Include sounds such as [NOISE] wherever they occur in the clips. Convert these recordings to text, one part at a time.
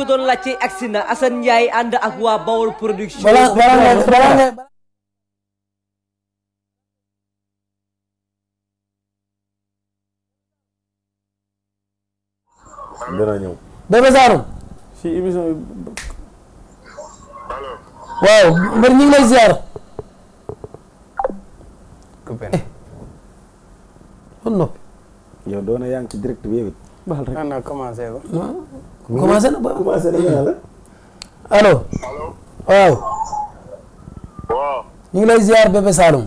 ñu doon laajte agsi na Assane ànd ak waa Bawol production. balaa balaa balaa nga. dana ñëw. Bébé Saloum. si émission waaw mbër ñu ngi lay eh, ci direct baal rek naan commencé na ba commencé na waaw. waaw. ñu ngi lay ziar Bébé Saloum.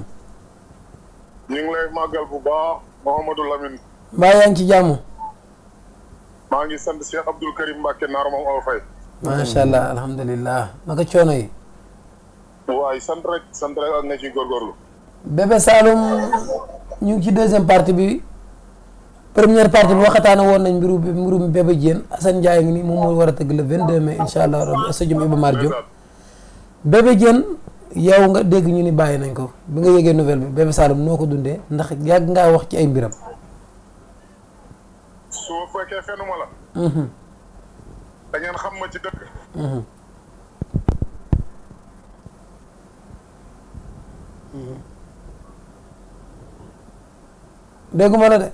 ñu ngi lay màggal bu baax Mouhamadou Lamine. yaa ngi ci jàmm. maa ngi sant Cheikh Abdoul Karim Mbacke Naar moom aw fay. macha allah alhamdulilah naka coono yi. waay sant rek sant rek ak na ci partie bi. première partie bi waxataana woon nañ mbiru mbirum Bébé Diène Assane Ndiaye ngi nii moom moo war a tëgg le 22 mai incha allah rabbi stade Iba Mar Diop Bébé Diène yow nga dégg ñu ni bàyyi nañ ko bi nga yëgee nouvelle bi Bébé Saloum noo ko dundee ndax yàgg ngaa wax ci ay mbiram. su mhm. mhm. Mhm. la de.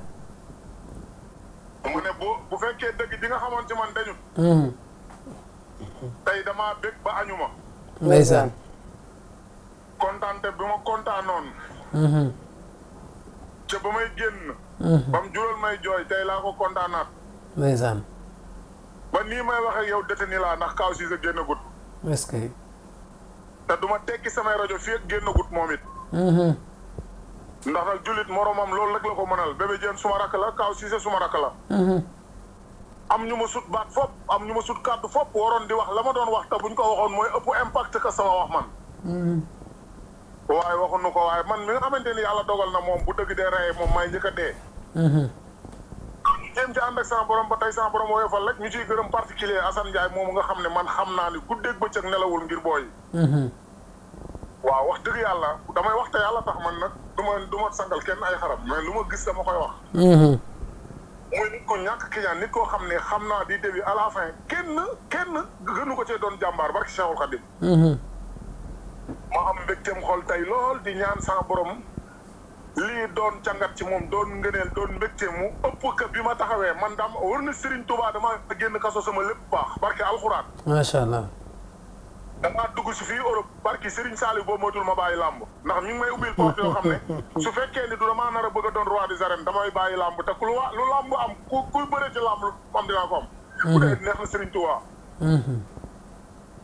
fekkee dëgg di nga xamoon ci man dañu. Hmm. tey damaa bég ba añuma ma. ndeysaan. kontaante bi ma kontaanoon. Hmm. ca ba may génn. Hmm. ba mu jural may jooy tey laa ko kontaanaat. ndeysaan. ba nii may waxee ak yow ni laa ndax kaw Cissé génnagut. est-ce que. te duma ma tekki samay rajo fii ak génnagut moom it. ndax nag jullit moromam loolu rek la ko mënal Bébé Diène suma rakk la Kaaw Cissé suma rakk la. am ñu ma sut baat fopp am ñu ma sut kàddu fopp waroon di wax la ma doon wax bu ñu ko waxoon mooy ëpp impact que sama wax man. Mm-hmm. waaye waxuñu ko waaye man mi nga xamante ni yàlla dogal na moom bu dëgg dee moom may njëkk a dee. Mm-hmm. jéem ci ànd ba tey sama borom woyofal rek ñu ciy gërëm particulier Assane Ndiaye moomu nga xam ne man xam naa ni guddeeg bëccëg nelawul ngir booy. Mm-hmm. waaw wax dëgg yàlla damay wax te yàlla tax man nag du ma du ma sangal kenn ay xaram mais lu ma gis dama koy wax. mooy nit ko ñàkk client nit koo xam ne xam naa di début à la fin kenn kenn gënu ko cee doon jàmbaar barki Cheikhul Khadim mm-hmm. ma xam mbégteem xol tey lool di ñaan sa borom lii doon cangat ci moom doon ngëneel doon mbégteem mu ëpp ka bi ma taxawee man daam war na Serigne Touba dama génn kaso sama lépp baax barki alxuraan macha allah damaa dugg si fii Europe barki Serigne Saliou boo moytul ma bàyyi làmb ndax ñu ngi may ubbil porte yoo xam ne su fekkee ni du damaa nar a bëgg a doon roi des arènes damay bàyyi làmb te ku lu wa lu làmb am ku kuy bëre ci làmb lu am dinaa ko am bu mm-hmm. dee neex na Serigne Touba mm-hmm.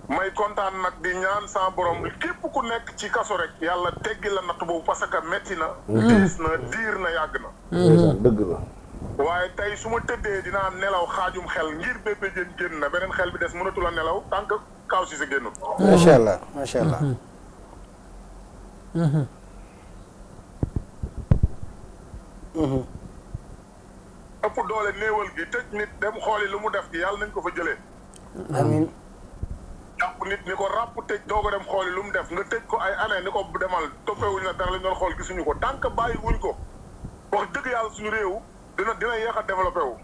may kontaan nag di ñaan saa borom képp ku nekk ci kaso rek yàlla teggi la natt boobu parce que metti na mm-hmm. diis na diir na yàgg na dëgg waaye tey su ma tëddee dinaa nelaw xaajum xel ngir bébé jën génn na beneen xel bi des mënatul nelaw tant kaw si sa génnul. macha allah macha allah. Mhm. Mhm. Mhm. ëpp doole néewal gi tëj nit dem xooli lu mu def gi yàlla nañ ko fa jëlee. amiin. jàpp nit ni ko ràpp tëj doo ko dem xooli lu mu def nga tëj ko ay année ni ko demal toppewuñ la dara lañ doon xool gisuñu ko tant que bàyyi wuñ ko wax dëgg yàlla suñu réew dina dina yéex a développé wu.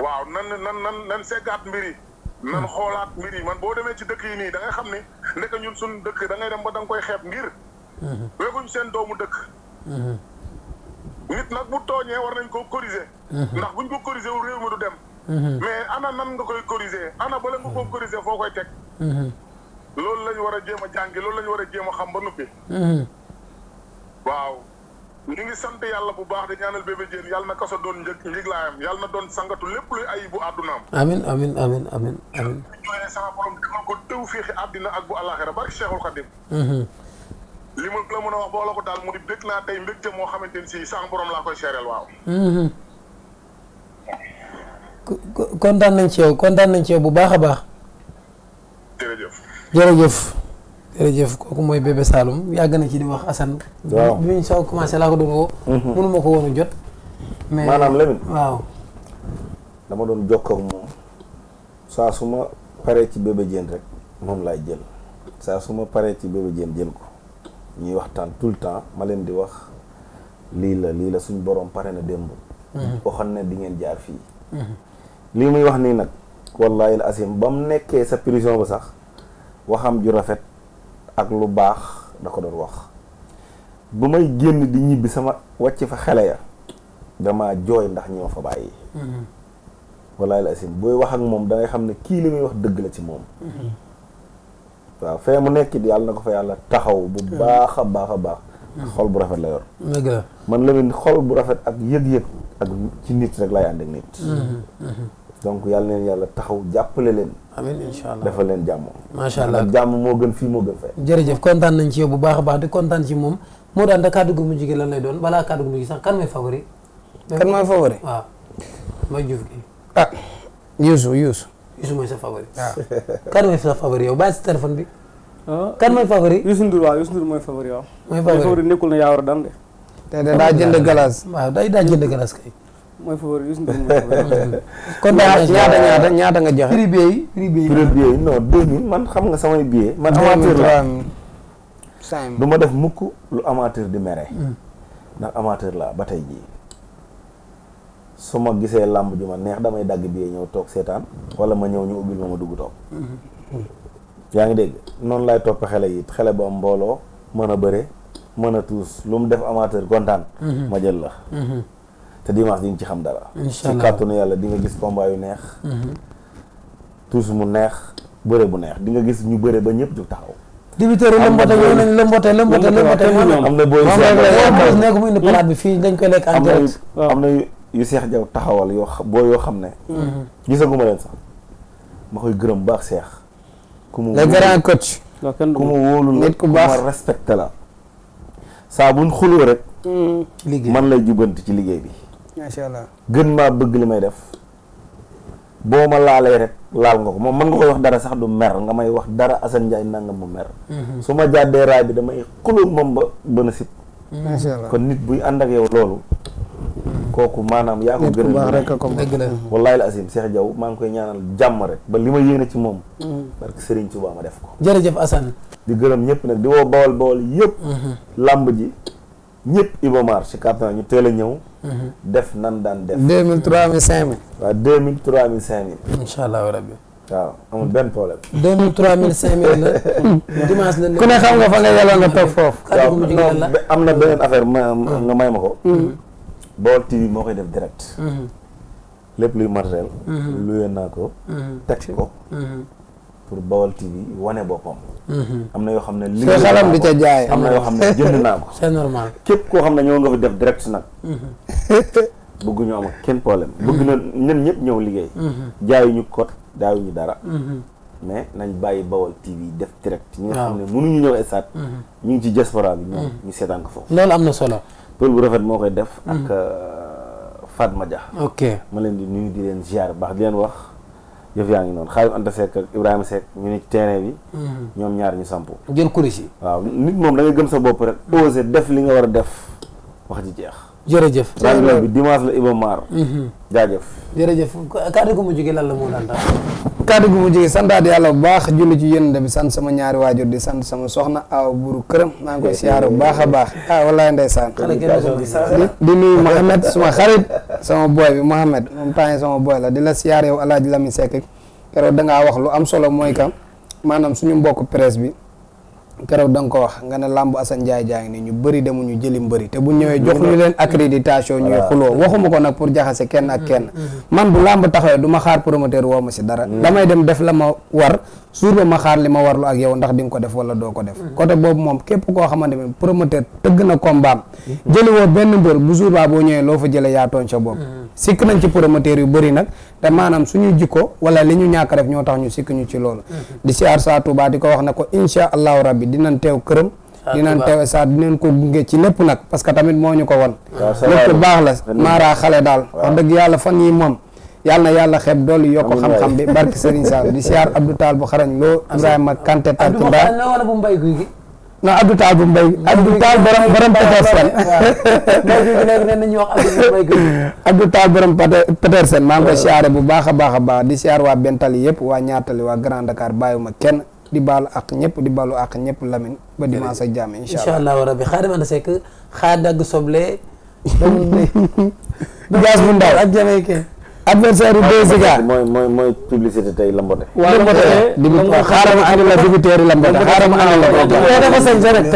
waaw nan nan nan nan seggaat mbir yi. nan xoolaat mbir yi man boo demee ci dëkk yi nii dangay xam ni ndeke ñun suñu dëkk da dem ba danga koy xeeb ngir. weguñ seen doomu dëkk. nit nag bu tooñee war nañ koo corriger. ndax buñ ko corriger wu réew mi du dem. mais ana nan nga koy corriger ana bala nga koo corriger foo koy teg. loolu lañu war a jéem a jàngi loolu lañ war a jéem a xam ba noppi. waaw. ñu ngi sant yàlla bu baax di ñaanal bébé Diène yàlla na kaso doon njëg njiglaayam yàlla na doon sangatu lépp luy ay bu àddunaam. amiin amiin amiin amiin amiin. ñooñu sama borom defal ko ak bu àllaaxira barke Cheikhul mm-hmm. li ma la mën a wax boo la ko daal mu di bég naa tey mbégte moo xamante ni si sama laa koy seereel waaw. Mm-hmm. kontaan nañ ci yow nañ ci bu baax a baax. jërëjëf. jërëjëf. jërëjëf kooku mooy bébé yàgg na ci di wax Assane. waaw bi ñu soog commencé laa ko doon woo. Mhm. mënu ko woon a jot. mais maanaam Lamine waaw. dama doon jokkoo ak moom saa su ma paree ci bébé Diène rek moom laay jël saa su ma paree ci bébé jël ko ñuy waxtaan tout le temps ma leen di wax lii la lii la suñ borom pare na démb. xam mhm. ne di ngeen jaar fii. Mhm. lii muy wax nii nag wallaahi la asim ba mu nekkee sa prison ba sax waxam ju rafet. ak lu baax da ko doon wax bu may génn di ñibbi sama wàcc fa xele ya dama jooy ndax ñi ma fa bàyyi mm-hmm. walaay la asim booy wax ak moom dangay xam ne kii li may wax dëgg la ci moom mm-hmm. waaw fee mu nekk yàlla na ko fa yàlla taxaw bu mm-hmm. baax a baax a baax xol bu rafet la yor dëgg la man la xol bu rafet ak yëg-yëg ak ci nit rek lay ànd ak nit donc yàlla leen yàlla taxaw jàppale leen. amiin incha allah dafa leen jàmm. macha allah jàmm moo gën fii moo gën fee. jërëjëf kontaan nañ ci yow bu baax a baax di kontaan ci moom moo daan da kàddu gu mujj gi lan lay doon balaa kàddu gu mujj sax kan mooy favori. kan mooy favori. waaw ah. mooy Diouf gi. ah Youssou Youssou. Youssou mooy sa favori. waaw ah. [LAUGHS] kan mooy sa favori yow ah. kan mooy favori. Youssou Ndour waaw mooy favori mooy nekkul ne yaa war a te de daa jënd galas. waaw day daa jënd galas kay. mooy favori Youssou Ndour [LAUGHS] kon daal ñaata ñaata nga joxe. prix billet yi prix billet man xam nga samay billet. man amateur la du ma def mukk lu amateur di mere. Hmm. ndax amateur la ba tey jii. su ma gisee làmb ju ma neex damay dagg billet ñëw toog seetaan wala ma ñëw ñu ubbil ma ma dugg toog. Hmm. yaa ngi dégg noonu laay topp xele yi xele ba mbooloo mën a bëre mën a tuus lu mu def amateur kontaan. Hmm. ma jël la. te dimanche di nga ci xam dara. incha allah ci kàttanu yàlla di nga gis combat yu neex. Mhm. tuus mu neex bëre bu neex di nga gis ñu bëre ba ñëpp jóg taxaw. dibiteeri lëmbote ñëw nañ lëmbote lëmbote lëmbote am na booy nekk mu indi palaat fii dañ koy am na yu seex jaw taxawal yoo boo yoo xam ne mhm. gisaguma leen sax ma koy gërëm baax seex ku mu le grand coach ku mu wóolu la ku ma respecté la saa buñ xuloo rek mhm. man lay jubbanti ci liggéey bi macha allah gën maa bëgg li may def boo ma laalee rek laal nga ko moom man nga koy wax dara sax du mer nga may wax dara Assane Ndiaye nangam mu mer. Mhm. su ma jàddee raay bi damay xulóom moom ba bëna sib mhm. macha allah kon nit buy ànd ak yow loolu. Mhm. kooku maanaam yaa ko gën a rek ko dëgg la wallaahi la asim Cheikh Diaw maa ngi koy ñaanal jàmm rek ba li ma yéene ci moom barke Serigne Touba ma def ko jërëjëf Assane di gërëm ñëpp nag di woo bawol bawol yëpp làmb ji ñépp Ibomar si kàttan ñu teel a ñëw. Mhm. def nan daan def. 2000 3000 5000. waaw 2000 3000 5000. incha allahu rabbi. waaw amul benn problème. 2000 3000 5000 la. [LAUGHS] dimanche la ku ne xam nga fa nga yàlla nga toog foofu. waaw am na beneen affaire ma mhm. nga may ma ko. Mhm. Baol TV moo koy def direct. lépp luy matériel. luye naa ko. teg ko. pour Baol TV wane boppam. Mhm. am na yoo xam ne. liggéey xalam di ca jaay am na yoo xam ne jënd naa ko. [LAUGHS] c'est normal képp koo xam ne ñoo nga fi def direct nag. Mhm. [LAUGHS] bëgg ñu am ak kenn problème. Mhm. bëgg na ñun ñëpp ñëw liggéey. ñu code daayuñu dara. mais nañ bàyyi Baol TV def direct. ñi nga xam ne mënuñu ñëw esaat. ñu ngi ci diaspora bi ñoom ñu seetaan ko foofu. loolu am na solo. pël bu rafet moo koy def. ak euh, ma Dia. ok ma leen di ñu di leen ziar baax di leen wax. yëf yaa ngi noonu Xaadim Anta Seck ak Ibrahima Seck ñu ne ci terrain bi. Mm-hmm. ñoom ñaar ñu sampu. jël kuréel yi. waaw nit moom da ngay gëm sa bopp rek. Mm-hmm. osé def li nga war a def wax ji jeex. jërëjëf. a bi dimanche la Iba Mar. Mm-hmm. gi lan la moo daan daal. kaddu gu mujj gi santaat yàlla bu baax julli ci yéen bi sant sama ñaari waajur di sant sama soxna aw buru këram maa ngi koy siyaar bu baax a baax ah wallaahi ndeysaan. di nuyu Mohamed suma xarit. sama boy bi Mohamed moom temps sama boy la di la siyaar yow Alaaji Lami Seck keroog da ngaa wax lu am solo mooy kam maanaam suñu mbokk presse bi keroog da nga ko wax nga ne làmb Assane Ndiaye jaa ngi ni ñu bëri demuñu jëli mbëri te bu ñëwee jox ñu leen accréditation ñuy xuloo waxuma ko nag pour jaxase kenn ak kenn mm-hmm. Mm-hmm. man bu làmb taxawee du ma xaar promoteur woo ma si dara mm-hmm. damay dem def la ma war suur ba ma xaar li ma warlu ak yow ndax di nga ko def wala doo ko def côté boobu moom képp koo xamante ne promoteur tëgg na combat jëli woo benn mbër bu suur baa boo ñëwee loo fa jële yaa tooñ sa bopp sikk nañ ci promoteur yu bëri nag te maanaam suñu jikko wala li ñu ñàkk def ñoo tax ñu sikk ñu ci loolu mm-hmm. di siyaar saa Touba di ko wax na ko incha allahu rabbi dina teew këram dinañ teew saa dinañ ko gunge ci lépp nag parce que tamit moo ñu ko won lépp baax la maaraa xale daal wax dëgg yàlla fan yi moom yàlla na yàlla xeeb doolu yokk xam-xam bi barke Serigne Sall di siyaar Abdou Tall bu xarañ loo Ibrahima Kanté Tarki Mbaye non Abdou Tall bu mbay Abdou Tall borom borom Petersen. [LAUGHS] Abdou Tall borom Petersen maa ngi koy siyaare bu baax a baax a baax di siyaar waa Bentali yëpp waa ñaatali waa Grand Dakar ma kenn di baalu ak ñëpp di baalu ak ñëpp Lamine ba dimanche ak jàmm incha allah incha allah rabbi xaaral ma ne sekk dagg soble. jaas bu ndaw adversaire yi deux Ziga mooy mooy mooy publicité tey Lambote. waaw Lambote eh, xaaral ma andi la dibiteeri Lambote xaaral ma andi la. tey dafa sañse rek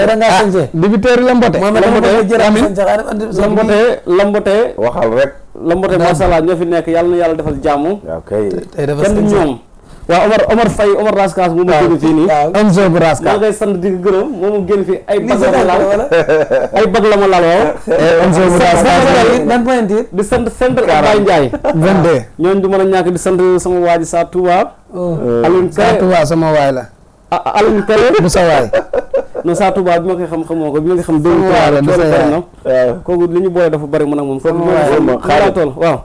tey da ah, waxal rek. Lambote macha ñoo fi nekk yàlla na yàlla defal jàmm. ok tey dafa sañse kenn ñoom. waaw Omar Omar Faye Omar Raskas moom ma génn fii nii am zo bu Raskas maa ngay sant di ko moom mu génn fii ay bag la ma laal ay bag la ma laal waaw eh, di mën a ñàkk di sant sama waa ji saa Touba oh. saa Touba sama waay la Alioune Kale [LAUGHS] bu sa waay non saa Touba bi ma koy xam xamoo ko bi ma koy xam dé na kooku li ñu boole dafa bari mën ak moom so ma tool waaw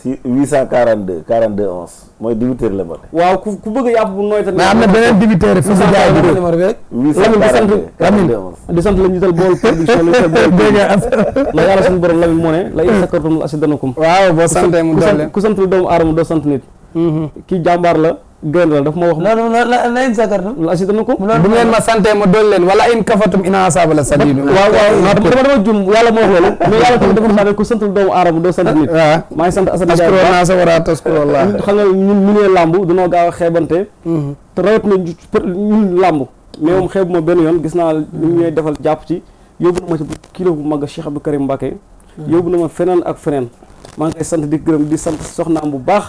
si 842 42 11 mooy débiteur la bëri. waaw ku ku bëgg yàpp bu nooy. mais am na beneen débiteur yi. 842 numéro bi rek. 842 42 di sant la ñu dal bool la ñu dal bool. la yàlla moo ne. la in sakartum la asidanakum. waaw boo santee mu doomu aadama doo sant nit. Mhm. kii jàmbaar la. gën la daf ma wax. non non la la in sakartum ko. bu ngeen ma sante ma dool leen wala in kafatum inna asaaba la sadiid. waaw waaw dama dama jum yàlla moo wax loolu. [LAUGHS] mais yàlla tamit dafa xam ah. ngi sant Assane Ndiaye waaw naa sa war a taskuro walla. [LAUGHS] xam a xeebante. Mhm. te rawat na ñun làmb. mais moom xeebu ma benn yoon gis naa ñu ñooy defal jàpp ci yóbbu na ma ci kilo bu mag Cheikh Abdou Karim Mbacké. Hmm. yóbbu na ma feneen ak feneen maa ngi koy sant di gërëm di sant soxnaam bu baax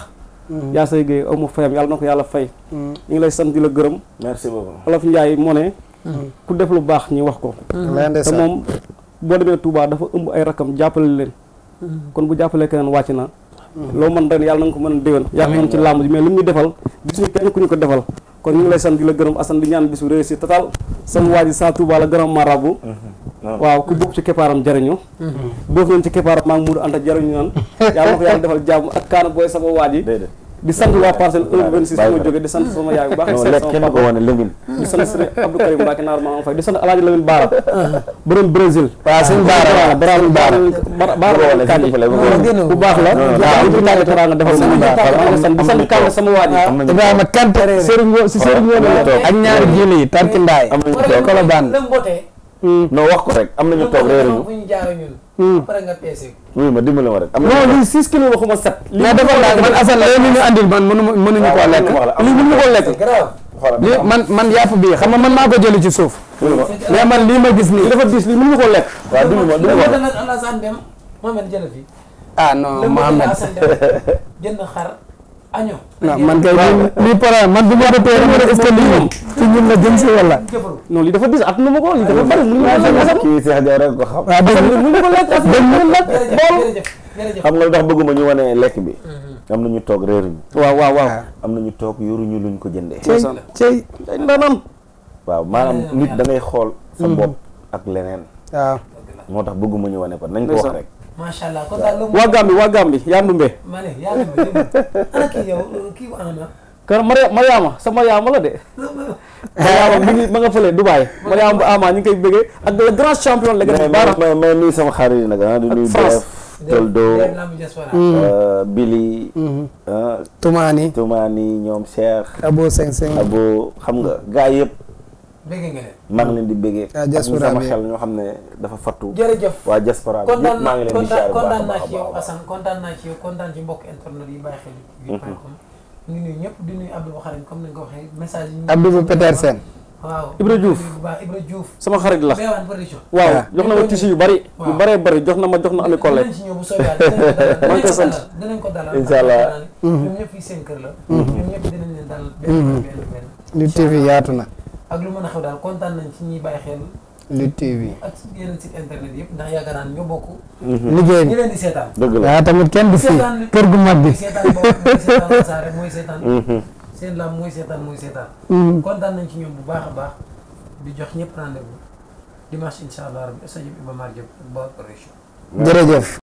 Mm-hmm. yaa say géey aw ma fayam yàlla na ko yàlla fay mm-hmm. ñu ngi lay sant di la gërëm merci beaucoup olof Njaay moo ne mm-hmm. ku def lu baax ñi wax ko te moom boo demee Touba dafa ëmb ay rakam jàppale leen kon bu jàppalee keneen wàcc na loo mën ren yàlla na nga ko mën a déwén yàlla na ci làmb ji mais li mu ñu defal gisuñu ku ñu ko defal kon ñu ngi lay san di la gërëm Assane di ñaan bis bu réussir total sama waa yi saa Touba la grand marabout uh-huh. waaw ku bokk ci keppaaram jariñu uh-huh. bokk nañ ci keppaaram maa ngi muur ànd ak jariñu nan [LAUGHS] yàlla na ko yàlla defal jàmm ak kaana booy sama waa ji di sant waa parcelle 1 26 fi ma jóge di sama yaay bu baax di sant sëriñ Abdou Karim Mbacke naar maa la bu tàgg teraanga defal sëñ Baara sant di sant kan sama waa ji Ibrahima Kante sëriñ si sëriñ woon ak ñaari jëli yi tarkindaay am après nga peese. oui ma dimbali ma rek. am na non lii 6 kilos waxuma 7. lii dafa man Assane léegi ñu andil man mënu mënuñu koo lekk. lii mënuñu koo lekk. lii man man yàpp bii xam nga man maa ko jëli ci suuf. mais man lii ma gis nii dafa diis lii mënuñu koo lekk. waaw dund ma dund ma ah non Mohamed jënd xar año man kay lii par man bu ma doon teel a est la jëm si wala. non ma ko lii dafa bari mënu ma ko lekk. kii Cheikh Diaw la ma lekk as xam nga ndax bëgguma ñu wane lekk bi. Mm-hmm. am na ñu toog réeruñu. waaw waaw waaw. am na ñu toog yoruñu luñ ko jëndee. cey cey ndanam. waaw maanaam mm-hmm. nit da xool. sa mm-hmm. bopp ak leneen. waaw moo tax bëgguma ñu wane ko nañ ko wax rek. macha allah kon waa Gambie waa yaa Ndumbé. ma ne sa Mariama la de. Mariama mu ngi nga fële Dubaay. Mariama bu ama ñu ngi bëggee ak le grand champion. la gën a baara mais mais nuyu sama xarit yi nag ah di nuyu. Toldo mm. euh, Billy. Mm-hmm. Ah, Toumani Toumani ñoom Cheikh. Abo Seng Seng Abo xam nga gars yëpp. bëgg nga leen leen di bëggee. waa ah, diaspora sama xel ñoo xam ne dafa fattu. jërëjëf waa diaspora bi yëpp maa leen di. ziar bu baax a baax kontaan naa ci mhm. comme ni ko waxee message yi. Abdou Petersen. waaw Ibra Diouf sama xarit la waaw ah. jox na ma tissu yu bari yu bëree bëri jox na ma jox na ami collègue maa ngi koy sant dinañ la ñoom mhm. ñëpp dinañ leen mhm. TV yaatu na ak lu mën a xew daal kontaan nañ ci ñuy bàyyi xel. Lutte TV. ak yeneen site internet yëpp ndax yaakaar naa ñoo bokk. Mhm. liggéey ñi leen di seetaan. dëgg la waaw ah, tamit kenn du fi kër gu mag bi. seetaan boobu mhm. mooy seetaan mooy seetaan. seen lam mhm. kontaan nañ ci ñoom bu baax a baax di jox ñëpp rendez-vous dimanche incha allah rabi stade Iba Mar Diop ba production. jërëjëf.